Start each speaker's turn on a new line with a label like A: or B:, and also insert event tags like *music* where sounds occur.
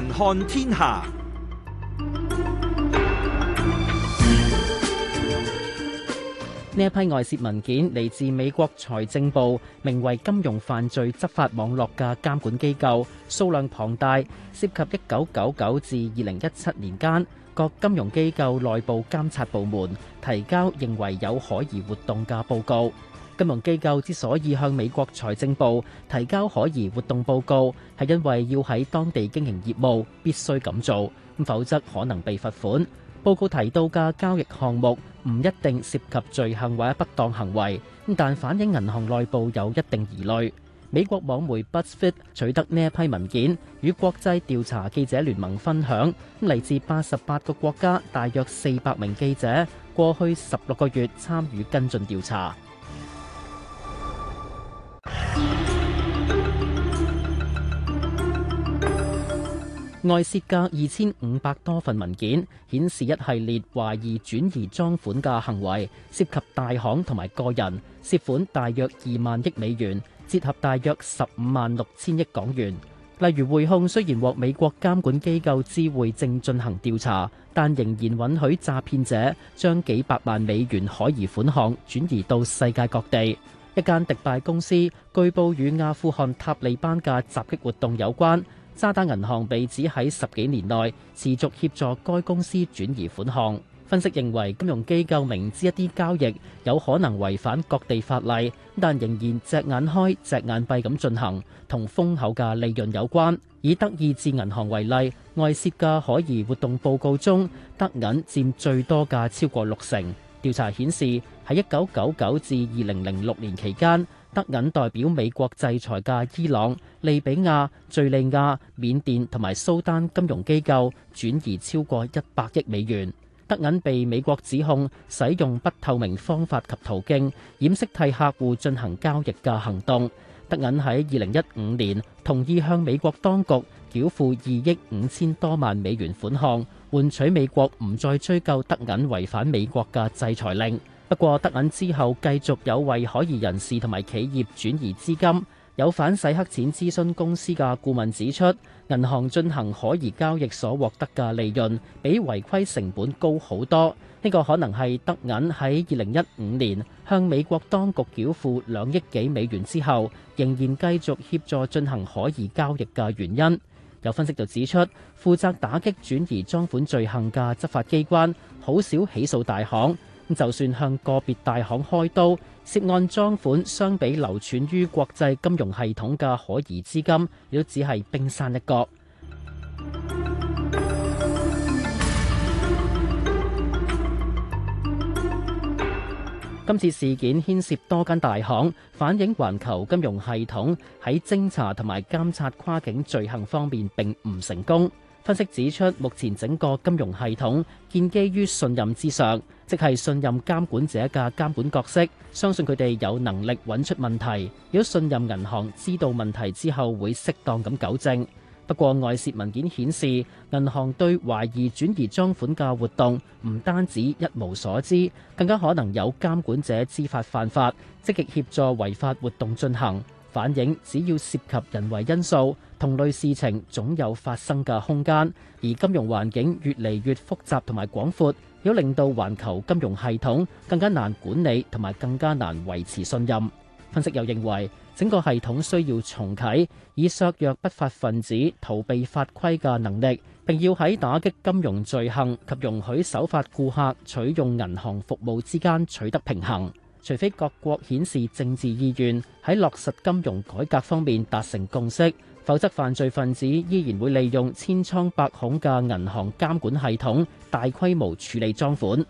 A: 環看天下，呢一批外洩文件嚟自美國財政部名為金融犯罪執法網絡嘅監管機構，數量龐大，涉及一九九九至二零一七年間各金融機構內部監察部門提交認為有可疑活動嘅報告。金融機構之所以向美國財政部提交可疑活動報告，係因為要喺當地經營業務，必須咁做，否則可能被罰款。報告提到嘅交易項目唔一定涉及罪行或者不當行為，咁但反映銀行內部有一定疑慮。美國網媒 BuzzFeed 取得呢一批文件，與國際調查記者聯盟分享，咁嚟自八十八個國家，大約四百名記者過去十六個月參與跟進調查。外洩嘅二千五百多份文件，顯示一系列懷疑轉移贓款嘅行為，涉及大行同埋個人，涉款大約二萬億美元，折合大約十五萬六千億港元。例如匯控雖然獲美國監管機構知會正進行調查，但仍然允許詐騙者將幾百萬美元可疑款項轉移到世界各地。一間迪拜公司據報與阿富汗塔利班嘅襲擊活動有關。渣打銀行被指喺十幾年內持續協助該公司轉移款項，分析認為金融機構明知一啲交易有可能違反各地法例，但仍然隻眼開，隻眼閉咁進行，同豐厚嘅利潤有關。以德意志銀行為例，外泄嘅可疑活動報告中，德銀佔最多嘅超過六成。調查顯示喺一九九九至二零零六年期間，德銀代表美國制裁嘅伊朗、利比亞、敍利亞、緬甸同埋蘇丹金融機構轉移超過一百億美元。德銀被美國指控使用不透明方法及途徑掩飾替客戶進行交易嘅行動。德銀喺二零一五年同意向美國當局繳付二億五千多萬美元款項，換取美國唔再追究德銀違反美國嘅制裁令。不過，德銀之後繼續有為可疑人士同埋企業轉移資金。有反洗黑錢諮詢公司嘅顧問指出，銀行進行可疑交易所獲得嘅利潤，比違規成本高好多。呢個可能係德銀喺二零一五年向美國當局繳付兩億幾美元之後，仍然繼續協助進行可疑交易嘅原因。有分析就指出，負責打擊轉移贓款罪行嘅執法機關，好少起訴大行。就算向個別大行開刀，涉案贓款相比流竄於國際金融系統嘅可疑資金，亦都只係冰山一角。 *music* 今次事件牽涉多間大行，反映環球金融系統喺偵查同埋監察跨境罪行方面並唔成功。分析指出，目前整個金融系統建基於信任之上，即係信任監管者嘅監管角色，相信佢哋有能力揾出問題，如果信任銀行知道問題之後，會適當咁糾正。不過，外洩文件顯示，銀行對懷疑轉移贓款嘅活動唔單止一無所知，更加可能有監管者知法犯法，積極協助違法活動進行。反映，只要涉及人為因素，同類事情總有發生嘅空間，而金融環境越嚟越複雜同埋廣闊，要令到環球金融系統更加難管理同埋更加難維持信任。分析又認為整個系統需要重啟，以削弱不法分子逃避法規嘅能力，並要喺打擊金融罪行及容許守法顧客取用銀行服務之間取得平衡。除非各國顯示政治意願喺落實金融改革方面達成共識，否則，犯罪分子依然會利用千瘡百孔嘅銀行監管系統，大規模處理贓款。